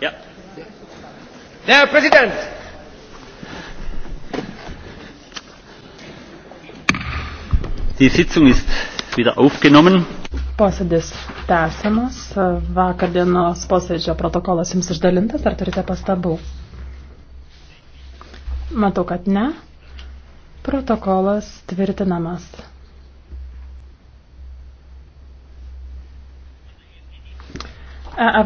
Ja. Herr Präsident! Die Sitzung ist wieder aufgenommen. Posėdis tęsiamas. Vakar dienos posėdžio protokolas jums išdalintas. Ar turite pastabų? Matau, kad ne. Protokolas tvirtinamas. EFD